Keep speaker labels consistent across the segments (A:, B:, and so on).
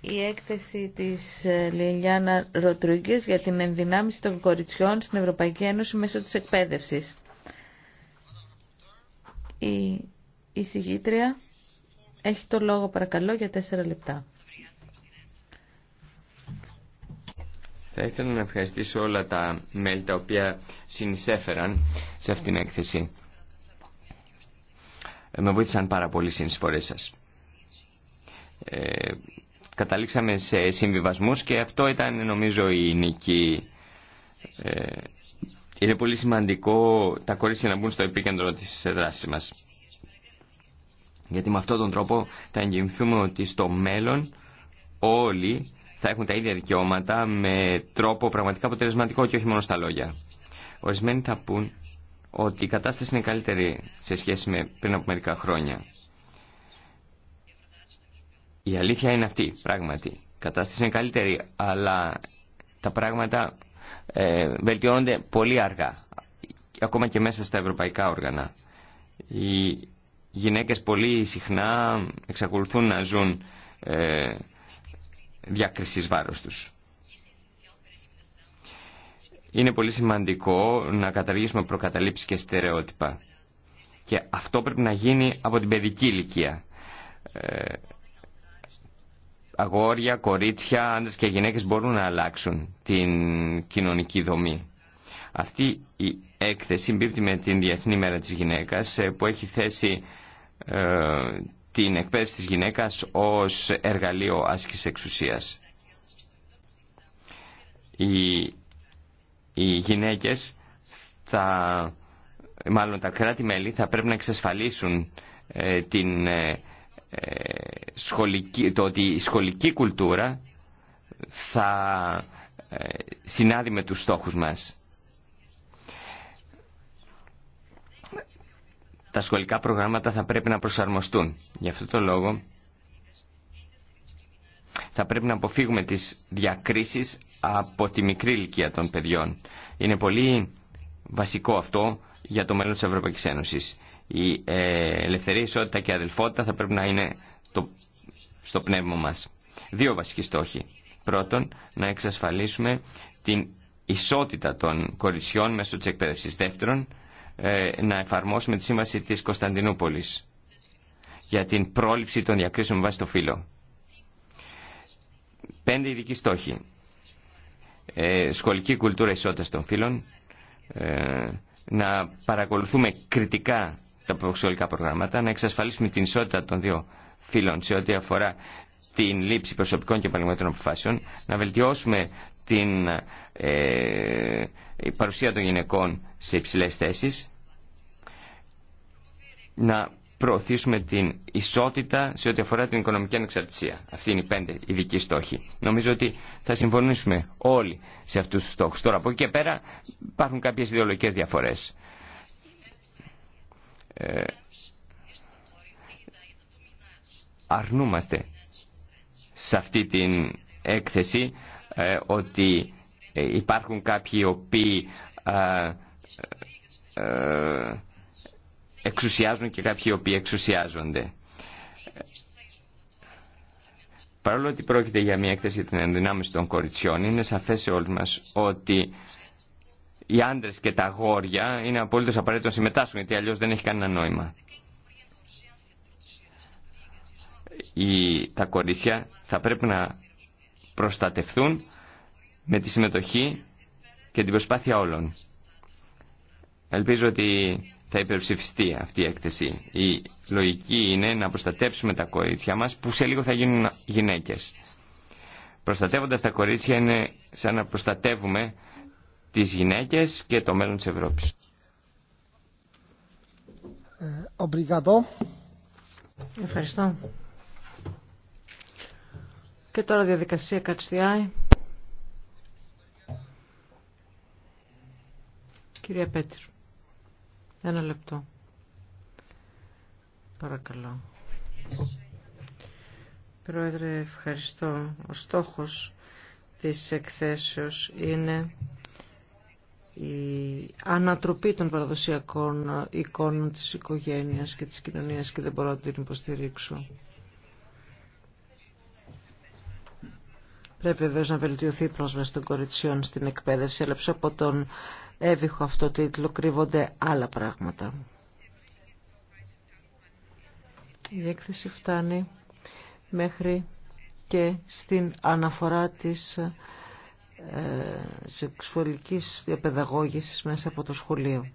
A: η έκθεση της ε, Λιλιάνα Ροτρούγκες για την ενδυνάμιση των κοριτσιών στην Ευρωπαϊκή Ένωση μέσω της εκπαίδευσης. Η εισηγήτρια έχει το λόγο παρακαλώ για τέσσερα λεπτά.
B: Θα ήθελα να ευχαριστήσω όλα τα μέλη τα οποία συνεισέφεραν σε αυτήν την έκθεση. Ε, με βοήθησαν πάρα πολύ συνεισφορές σας. Ε, καταλήξαμε σε συμβιβασμούς και αυτό ήταν νομίζω η νίκη. Ε, είναι πολύ σημαντικό τα κορίτσια να μπουν στο επίκεντρο της δράσης μας. Γιατί με αυτόν τον τρόπο θα εγγυηθούμε ότι στο μέλλον όλοι θα έχουν τα ίδια δικαιώματα με τρόπο πραγματικά αποτελεσματικό και όχι μόνο στα λόγια. Ορισμένοι θα πούν ότι η κατάσταση είναι καλύτερη σε σχέση με πριν από μερικά χρόνια. Η αλήθεια είναι αυτή, πράγματι. Η κατάσταση είναι καλύτερη, αλλά τα πράγματα ε, βελτιώνονται πολύ αργά, ακόμα και μέσα στα ευρωπαϊκά όργανα. Οι γυναίκες πολύ συχνά εξακολουθούν να ζουν ε, διάκρισης βάρος τους. Είναι πολύ σημαντικό να καταργήσουμε προκαταλήψεις και στερεότυπα. Και αυτό πρέπει να γίνει από την παιδική ηλικία. Ε, αγόρια, κορίτσια, άντρες και γυναίκες μπορούν να αλλάξουν την κοινωνική δομή. Αυτή η έκθεση συμπίπτει με την Διεθνή Μέρα της Γυναίκας ε, που έχει θέσει ε, την εκπαίδευση της γυναίκας ως εργαλείο άσκησης εξουσίας. Οι, οι γυναίκες θα, μάλλον τα κράτη-μέλη θα πρέπει να εξασφαλίσουν ε, την ε, σχολική, το ότι η σχολική κουλτούρα θα ε, συνάδει με τους στόχους μας. Τα σχολικά προγράμματα θα πρέπει να προσαρμοστούν. Γι' αυτό το λόγο θα πρέπει να αποφύγουμε τις διακρίσεις από τη μικρή ηλικία των παιδιών. Είναι πολύ βασικό αυτό για το μέλλον της Ευρωπαϊκής Ένωσης η ε, ελευθερία, ισότητα και αδελφότητα θα πρέπει να είναι το, στο πνεύμα μας. Δύο βασικοί στόχοι. Πρώτον, να εξασφαλίσουμε την ισότητα των κορισιών μέσω της εκπαίδευσης. Δεύτερον, ε, να εφαρμόσουμε τη σύμβαση της Κωνσταντινούπολης για την πρόληψη των διακρίσεων με βάση το φύλλο. Πέντε ειδικοί στόχοι. Ε, σχολική κουλτούρα ισότητας των φύλων. να παρακολουθούμε κριτικά τα προξιολικά προγράμματα, να εξασφαλίσουμε την ισότητα των δύο φύλων σε ό,τι αφορά την λήψη προσωπικών και επαγγελματικών αποφάσεων, να βελτιώσουμε την ε, παρουσία των γυναικών σε υψηλέ θέσει, να προωθήσουμε την ισότητα σε ό,τι αφορά την οικονομική ανεξαρτησία. Αυτή είναι η πέντε ειδική στόχη. Νομίζω ότι θα συμφωνήσουμε όλοι σε αυτούς τους στόχους. Τώρα από εκεί και πέρα υπάρχουν κάποιες ιδεολογικέ διαφορές. Ε, αρνούμαστε σε αυτή την έκθεση ε, ότι ε, υπάρχουν κάποιοι οποίοι εξουσιάζουν και κάποιοι οποίοι εξουσιάζονται. Παρόλο ότι πρόκειται για μια έκθεση για την ενδυνάμωση των κοριτσιών, είναι σαφές σε όλους μας ότι οι άντρε και τα αγόρια είναι απολύτως απαραίτητο να συμμετάσχουν γιατί αλλιώς δεν έχει κανένα νόημα. Οι, τα κορίτσια θα πρέπει να προστατευθούν με τη συμμετοχή και την προσπάθεια όλων. Ελπίζω ότι θα υπερψηφιστεί αυτή η έκθεση. Η λογική είναι να προστατεύσουμε τα κορίτσια μας που σε λίγο θα γίνουν γυναίκες. Προστατεύοντας τα κορίτσια είναι σαν να προστατεύουμε τις γυναίκες και το μέλλον της Ευρώπης.
C: Ε, ευχαριστώ. Και τώρα διαδικασία Κατστιάη. Κυρία Πέτρη. ένα λεπτό. Παρακαλώ. Πρόεδρε, ευχαριστώ. Ο στόχος της εκθέσεως είναι η ανατροπή των παραδοσιακών εικόνων της οικογένειας και της κοινωνίας και δεν μπορώ να την υποστηρίξω. Πρέπει βεβαίω να βελτιωθεί η πρόσβαση των κοριτσιών στην εκπαίδευση, αλλά από τον έβηχο αυτό τίτλο κρύβονται άλλα πράγματα. Η έκθεση φτάνει μέχρι και στην αναφορά της ε, σεξουαλικής διαπαιδαγώγησης μέσα από το σχολείο.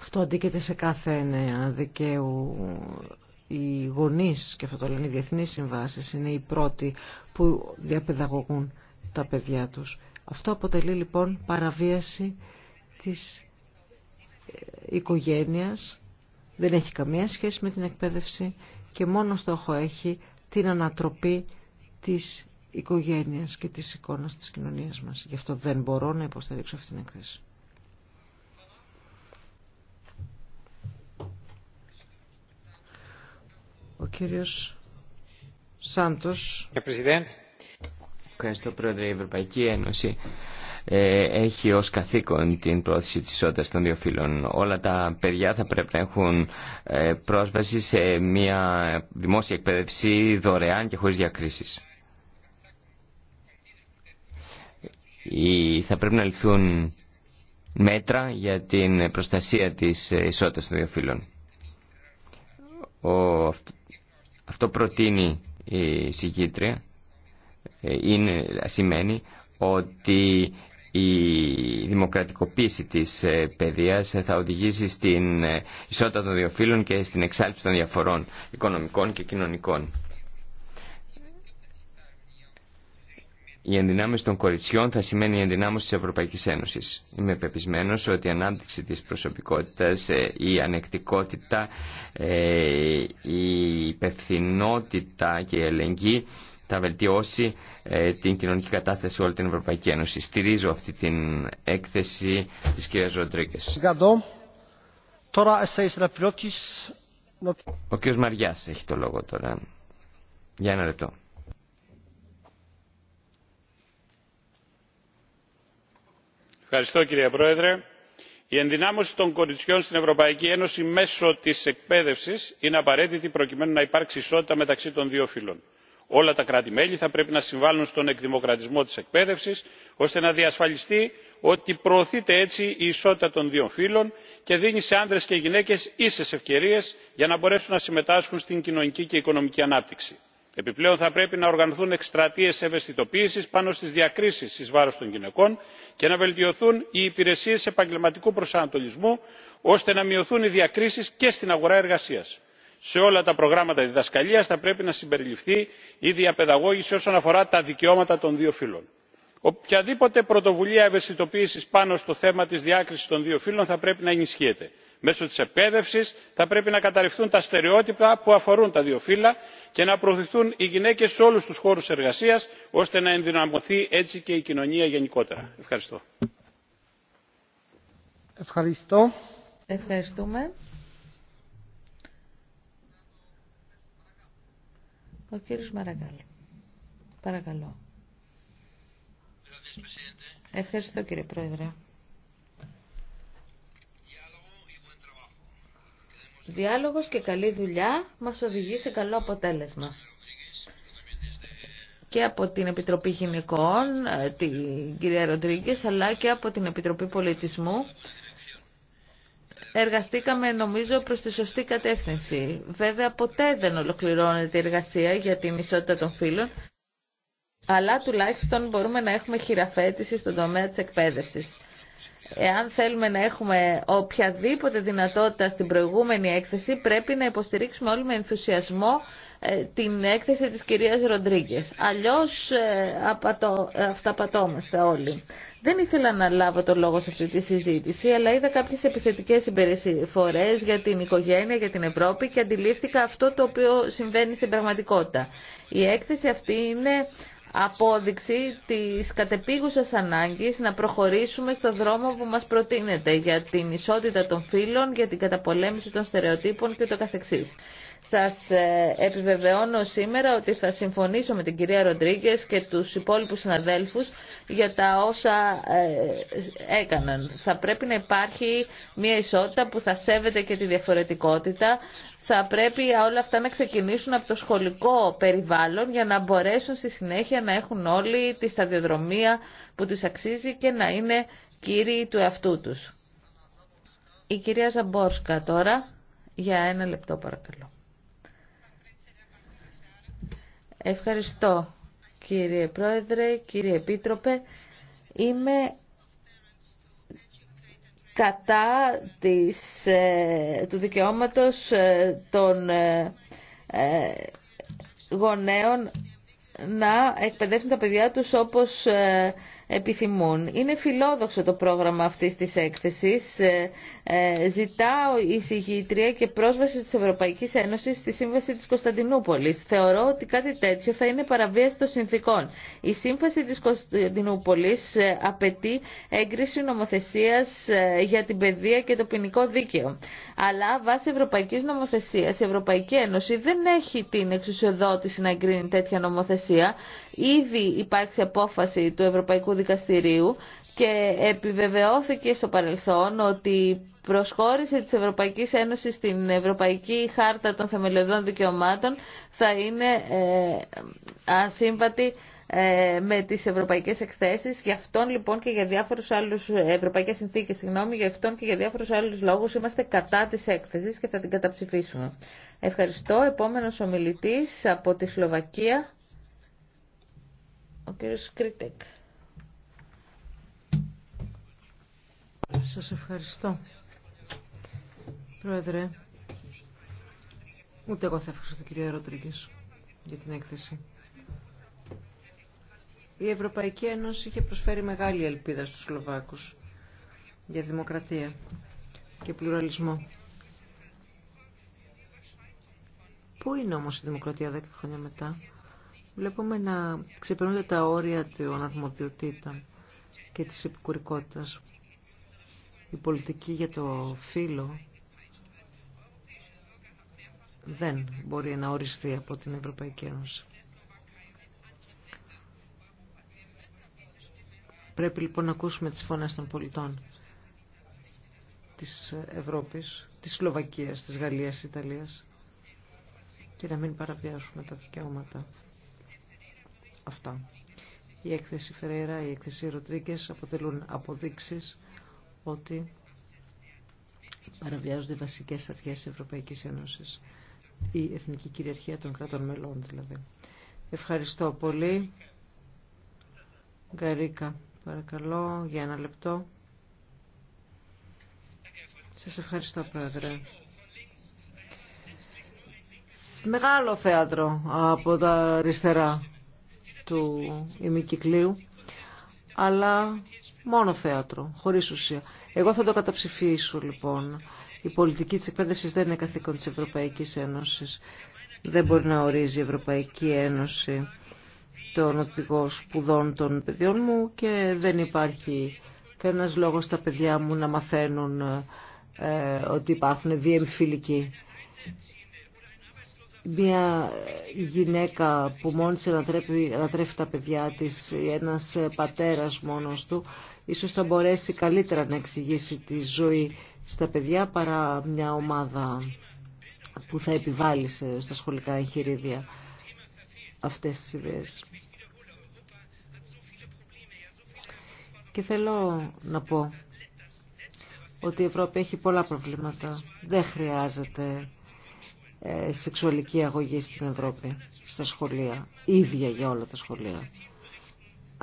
C: Αυτό αντίκειται σε κάθε νέα δικαίου. Οι γονείς, και αυτό το λένε οι διεθνείς συμβάσεις, είναι οι πρώτοι που διαπαιδαγωγούν τα παιδιά τους. Αυτό αποτελεί λοιπόν παραβίαση της ε, οικογένειας, δεν έχει καμία σχέση με την εκπαίδευση και μόνο στόχο έχει την ανατροπή της οικογένειας και της εικόνας της κοινωνίας μας. Γι' αυτό δεν μπορώ να υποστηρίξω αυτήν την εκθέση. Ο κύριος Σάντος.
B: Ευχαριστώ Πρόεδρε. Η Ευρωπαϊκή Ένωση ε, έχει ως καθήκον την πρόθεση της ισότητας των δύο φύλων. Όλα τα παιδιά θα πρέπει να έχουν ε, πρόσβαση σε μια δημόσια εκπαίδευση δωρεάν και χωρίς διακρίσεις. θα πρέπει να ληφθούν μέτρα για την προστασία της ισότητας των δύο φύλων. Ο, αυτό προτείνει η συγκήτρια, ε, είναι, σημαίνει ότι η δημοκρατικοποίηση της ε, παιδείας θα οδηγήσει στην ε, ισότητα των δύο φύλων και στην εξάλληψη των διαφορών οικονομικών και κοινωνικών. Η ενδυνάμωση των κοριτσιών θα σημαίνει η ενδυνάμωση της Ευρωπαϊκής Ένωσης. Είμαι πεπισμένο ότι η ανάπτυξη της προσωπικότητας, ε, η ανεκτικότητα, ε, η υπευθυνότητα και η ελεγγύη θα βελτιώσει ε, την κοινωνική κατάσταση όλη την Ευρωπαϊκή Ένωση. Στηρίζω αυτή την έκθεση της κυρίας Ροντρίγκες. Ο κ. Μαριάς έχει το λόγο τώρα. Για ένα λεπτό.
D: κύριε Πρόεδρε. Η ενδυνάμωση των κοριτσιών στην Ευρωπαϊκή Ένωση μέσω τη εκπαίδευση είναι απαραίτητη προκειμένου να υπάρξει ισότητα μεταξύ των δύο φύλων. Όλα τα κράτη-μέλη θα πρέπει να συμβάλλουν στον εκδημοκρατισμό τη εκπαίδευση, ώστε να διασφαλιστεί ότι προωθείται έτσι η ισότητα των δύο φύλων και δίνει σε άνδρες και γυναίκες ίσες ευκαιρίες για να μπορέσουν να συμμετάσχουν στην κοινωνική και οικονομική ανάπτυξη επιπλέον θα πρέπει να οργανωθούν εκστρατείες ευαισθητοποίησης πάνω στις διακρίσεις εις βάρος των γυναικών και να βελτιωθούν οι υπηρεσίες επαγγελματικού προσανατολισμού ώστε να μειωθούν οι διακρίσεις και στην αγορά εργασίας. σε όλα τα προγράμματα διδασκαλίας θα πρέπει να συμπεριληφθεί η διαπαιδαγώγηση όσον αφορά τα δικαιώματα των δύο φύλων. οποιαδήποτε πρωτοβουλία ευαισθητοποίησης πάνω στο θέμα της διάκρισης των δύο φύλων θα πρέπει να ενισχύεται μέσω της εκπαίδευσης θα πρέπει να καταρριφθούν τα στερεότυπα που αφορούν τα δύο φύλλα και να προωθηθούν οι γυναίκες σε όλους τους χώρους εργασίας ώστε να ενδυναμωθεί έτσι και η κοινωνία γενικότερα. Ευχαριστώ.
A: Ευχαριστώ. Ευχαριστούμε. Ο κύριος Μαραγκάλ. Παρακαλώ. Ευχαριστώ κύριε Πρόεδρε. Διάλογος και καλή δουλειά μας οδηγεί σε καλό αποτέλεσμα και από την Επιτροπή Γυναικών, ε, την κυρία Ροντρίγκε, αλλά και από την Επιτροπή Πολιτισμού. Εργαστήκαμε, νομίζω, προς τη σωστή κατεύθυνση. Βέβαια, ποτέ δεν ολοκληρώνεται η εργασία για την ισότητα των φύλων, αλλά τουλάχιστον μπορούμε να έχουμε χειραφέτηση στον τομέα της εκπαίδευσης εάν θέλουμε να έχουμε οποιαδήποτε δυνατότητα στην προηγούμενη έκθεση, πρέπει να υποστηρίξουμε όλοι με ενθουσιασμό ε, την έκθεση της κυρίας Ροντρίγκες. Αλλιώς ε, απατώ, ε, αυταπατώμαστε όλοι. Δεν ήθελα να λάβω το λόγο σε αυτή τη συζήτηση, αλλά είδα κάποιες επιθετικές συμπεριφορές για την οικογένεια, για την Ευρώπη και αντιλήφθηκα αυτό το οποίο συμβαίνει στην πραγματικότητα. Η έκθεση αυτή είναι απόδειξη της κατεπίγουσας ανάγκης να προχωρήσουμε στο δρόμο που μας προτείνεται για την ισότητα των φύλων, για την καταπολέμηση των στερεοτύπων και το καθεξής. Σας ε, επιβεβαιώνω σήμερα ότι θα συμφωνήσω με την κυρία Ροντρίγκε και τους υπόλοιπους συναδέλφους για τα όσα ε, έκαναν. Θα πρέπει να υπάρχει μια ισότητα που θα σέβεται και τη διαφορετικότητα. Θα πρέπει όλα αυτά να ξεκινήσουν από το σχολικό περιβάλλον για να μπορέσουν στη συνέχεια να έχουν όλοι τη σταδιοδρομία που τους αξίζει και να είναι κύριοι του εαυτού τους. Η κυρία Ζαμπόρσκα τώρα, για ένα λεπτό παρακαλώ. Ευχαριστώ κύριε Πρόεδρε, κύριε Επίτροπε. Είμαι κατά της, ε, του δικαιώματος ε, των ε, γονέων να εκπαιδεύσουν τα παιδιά τους όπως επιθυμούν. Είναι φιλόδοξο το πρόγραμμα αυτής της έκθεσης. Ε, ε, Ζητά η συγγήτρια και πρόσβαση της Ευρωπαϊκής Ένωσης στη Σύμβαση της Κωνσταντινούπολης. Θεωρώ ότι κάτι τέτοιο θα είναι παραβίαση των συνθήκων. Η Σύμβαση της Κωνσταντινούπολης ε, απαιτεί έγκριση νομοθεσίας για την παιδεία και το ποινικό δίκαιο. Αλλά βάσει Ευρωπαϊκής Νομοθεσίας η Ευρωπαϊκή Ένωση δεν έχει την εξουσιοδότηση να εγκρίνει τέτοια νομοθεσία. Ήδη υπάρχει απόφαση του Ευρωπαϊκού Δικαστηρίου και επιβεβαιώθηκε στο παρελθόν ότι η προσχώρηση της Ευρωπαϊκής Ένωσης στην Ευρωπαϊκή Χάρτα των Θεμελιωδών Δικαιωμάτων θα είναι ε, ασύμβατη ε, με τις ευρωπαϊκές εκθέσεις. Γι' αυτόν λοιπόν και για διάφορους άλλους, ε, ευρωπαϊκές συνθήκες, συγγνώμη, γι' αυτόν και για διάφορους άλλους λόγους είμαστε κατά της έκθεσης και θα την καταψηφίσουμε. Ευχαριστώ. Επόμενος ομιλητής από τη Σλοβακία, ο κ. Κρίτεκ.
C: Σας ευχαριστώ. Πρόεδρε, ούτε εγώ θα ευχαριστώ τον κύριο Ροτρίγκης για την έκθεση. Η Ευρωπαϊκή Ένωση είχε προσφέρει μεγάλη ελπίδα στους Σλοβάκους για δημοκρατία και πλουραλισμό. Πού είναι όμως η δημοκρατία δέκα χρόνια μετά. Βλέπουμε να ξεπερνούνται τα όρια των αρμοδιοτήτων και της επικουρικότητας η πολιτική για το φύλλο δεν μπορεί να οριστεί από την Ευρωπαϊκή Ένωση. Πρέπει λοιπόν να ακούσουμε τις φωνές των πολιτών της Ευρώπης, της Σλοβακίας, της Γαλλίας, της Ιταλίας και να μην παραβιάσουμε τα δικαιώματα αυτά. Η έκθεση Φερέρα, η έκθεση Ροτρίκες αποτελούν αποδείξεις ότι παραβιάζονται οι βασικές αρχές της Ευρωπαϊκής Ένωσης, η εθνική κυριαρχία των κρατών μελών δηλαδή. Ευχαριστώ πολύ. Γκαρίκα, παρακαλώ, για ένα λεπτό. Σας ευχαριστώ, Πρόεδρε. Μεγάλο θέατρο από τα αριστερά του ημικυκλίου, αλλά Μόνο θέατρο, χωρίς ουσία. Εγώ θα το καταψηφίσω λοιπόν. Η πολιτική της εκπαίδευσης δεν είναι καθήκον της Ευρωπαϊκής Ένωσης. Δεν μπορεί να ορίζει η Ευρωπαϊκή Ένωση τον οδηγό σπουδών των παιδιών μου και δεν υπάρχει κανένας λόγος τα παιδιά μου να μαθαίνουν ε, ότι υπάρχουν διεμφυλικοί μια γυναίκα που μόνη να τρέφει τα παιδιά της, ένας πατέρας μόνος του, ίσως θα μπορέσει καλύτερα να εξηγήσει τη ζωή στα παιδιά παρά μια ομάδα που θα επιβάλλει στα σχολικά εγχειρίδια αυτές τις ιδέες. Και θέλω να πω ότι η Ευρώπη έχει πολλά προβλήματα. Δεν χρειάζεται ε, σεξουαλική αγωγή στην Ευρώπη, στα σχολεία, ίδια για όλα τα σχολεία.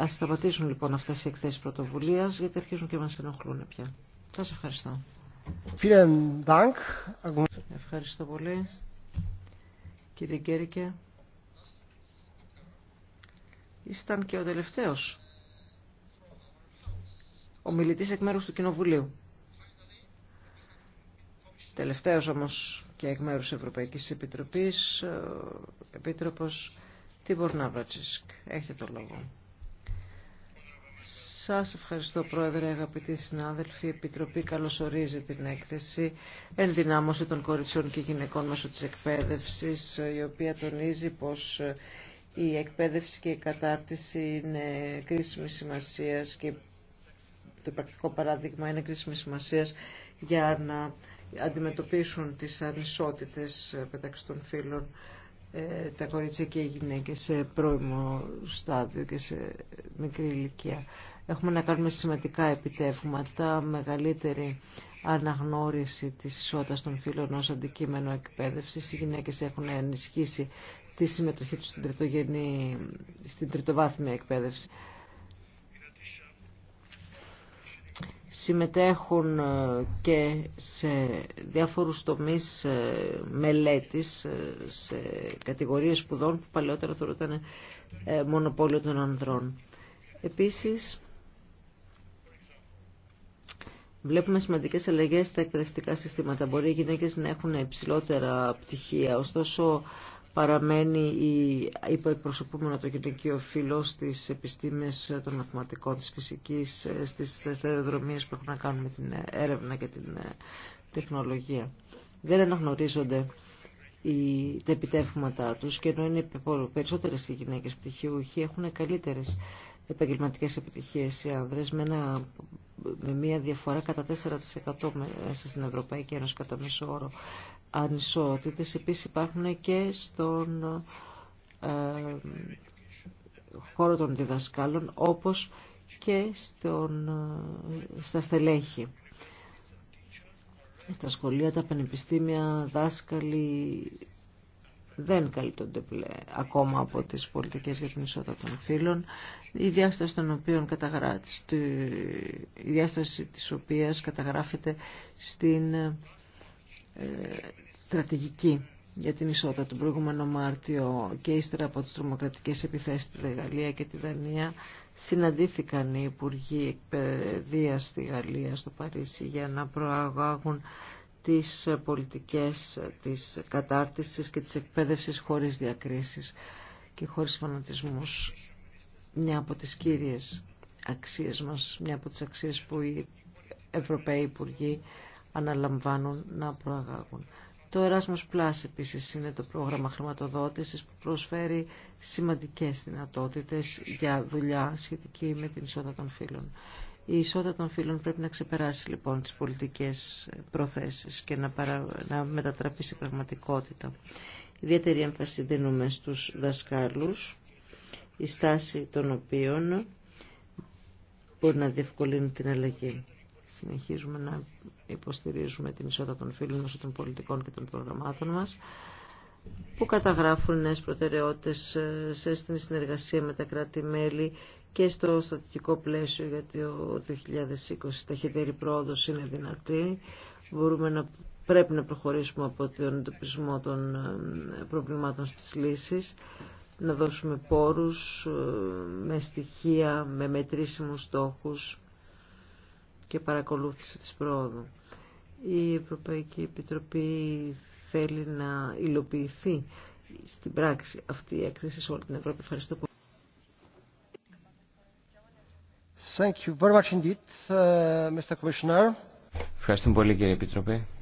C: Α σταματήσουν λοιπόν αυτέ οι εκθέσει πρωτοβουλία γιατί αρχίζουν και μα ενοχλούν πια. Σα ευχαριστώ. Ευχαριστώ πολύ. Κύριε Γκέρικε, ήσταν και ο τελευταίος ομιλητής εκ μέρους του Κοινοβουλίου. Τελευταίος όμως και εκ μέρους Ευρωπαϊκής Επιτροπής, ε, Επίτροπος Τίμπορ Ναύρατσισκ. Έχετε το λόγο. Σας ευχαριστώ Πρόεδρε, αγαπητοί συνάδελφοι. Η Επιτροπή καλωσορίζει την έκθεση «Ενδυνάμωση των κοριτσιών και γυναικών μέσω της εκπαίδευσης», η οποία τονίζει πως η εκπαίδευση και η κατάρτιση είναι κρίσιμη σημασίας και το πρακτικό παράδειγμα είναι κρίσιμη σημασίας για να αντιμετωπίσουν τις ανισότητες μεταξύ των φύλων ε, τα κορίτσια και οι γυναίκες σε πρώιμο στάδιο και σε μικρή ηλικία. Έχουμε να κάνουμε σημαντικά επιτεύγματα, μεγαλύτερη αναγνώριση της ισότητας των φίλων ως αντικείμενο εκπαίδευσης. Οι γυναίκες έχουν ενισχύσει τη συμμετοχή τους στην, στην τριτοβάθμια εκπαίδευση. συμμετέχουν ε, και σε διάφορους τομείς ε, μελέτης, ε, σε κατηγορίες σπουδών που παλαιότερα θεωρούνταν μονοπόλιο των ανδρών. Επίσης, Βλέπουμε σημαντικές αλλαγές στα εκπαιδευτικά συστήματα. Μπορεί οι γυναίκες να έχουν υψηλότερα πτυχία, ωστόσο παραμένει η υποεκπροσωπούμενο το γυναικείο φύλλο στις επιστήμες των μαθηματικών, της φυσικής, στις στερεοδρομίες που έχουν να κάνουν με την έρευνα και την ε, τεχνολογία. Δεν αναγνωρίζονται οι, τα επιτεύγματα τους και ενώ είναι περισσότερες οι γυναίκες πτυχιούχοι έχουν καλύτερες επαγγελματικές επιτυχίες οι άνδρες με, μια διαφορά κατά 4% μέσα στην Ευρωπαϊκή Ένωση κατά μέσο όρο ανισότητες. Επίσης υπάρχουν και στον ε, χώρο των διδασκάλων όπως και στον, ε, στα στελέχη. Στα σχολεία, τα πανεπιστήμια, δάσκαλοι δεν καλύπτονται ακόμα από τις πολιτικές για την ισότητα των φύλων. Η διάσταση, των οποίων καταγράψει, η διάσταση της οποίας καταγράφεται στην ε, στρατηγική για την ισότητα τον προηγούμενο Μάρτιο και ύστερα από τις τρομοκρατικές επιθέσεις στη Γαλλία και τη Δανία συναντήθηκαν οι Υπουργοί Εκπαιδείας στη Γαλλία στο Παρίσι για να προαγάγουν τις πολιτικές της κατάρτισης και της εκπαίδευσης χωρίς διακρίσεις και χωρίς φανατισμούς. Μια από τις κύριες αξίες μας, μια από τις αξίες που οι Ευρωπαίοι Υπουργοί αναλαμβάνουν να προαγάγουν. Το Erasmus Plus επίσης είναι το πρόγραμμα χρηματοδότησης που προσφέρει σημαντικές δυνατότητες για δουλειά σχετική με την ισότητα των φύλων. Η ισότητα των φύλων πρέπει να ξεπεράσει λοιπόν τις πολιτικές προθέσεις και να, να μετατραπεί σε πραγματικότητα. Ιδιαίτερη έμφαση δίνουμε στους δασκάλους, η στάση των οποίων μπορεί να διευκολύνει την αλλαγή συνεχίζουμε να υποστηρίζουμε την ισότητα των φίλων μας, των πολιτικών και των προγραμμάτων μας που καταγράφουν νέες προτεραιότητες ε, σε στην συνεργασία με τα κράτη-μέλη και στο στατικό πλαίσιο γιατί το 2020 ταχύτερη πρόοδος είναι δυνατή. Μπορούμε να, πρέπει να προχωρήσουμε από τον εντοπισμό των ε, προβλημάτων στις λύσεις, να δώσουμε πόρους ε, με στοιχεία, με μετρήσιμους στόχους και παρακολούθηση της πρόοδου. Η Ευρωπαϊκή Επιτροπή θέλει να υλοποιηθεί στην πράξη αυτή η έκθεση σε όλη την Ευρώπη. Ευχαριστώ πολύ. Thank uh,
B: Ευχαριστούμε πολύ κύριε Επιτροπέ.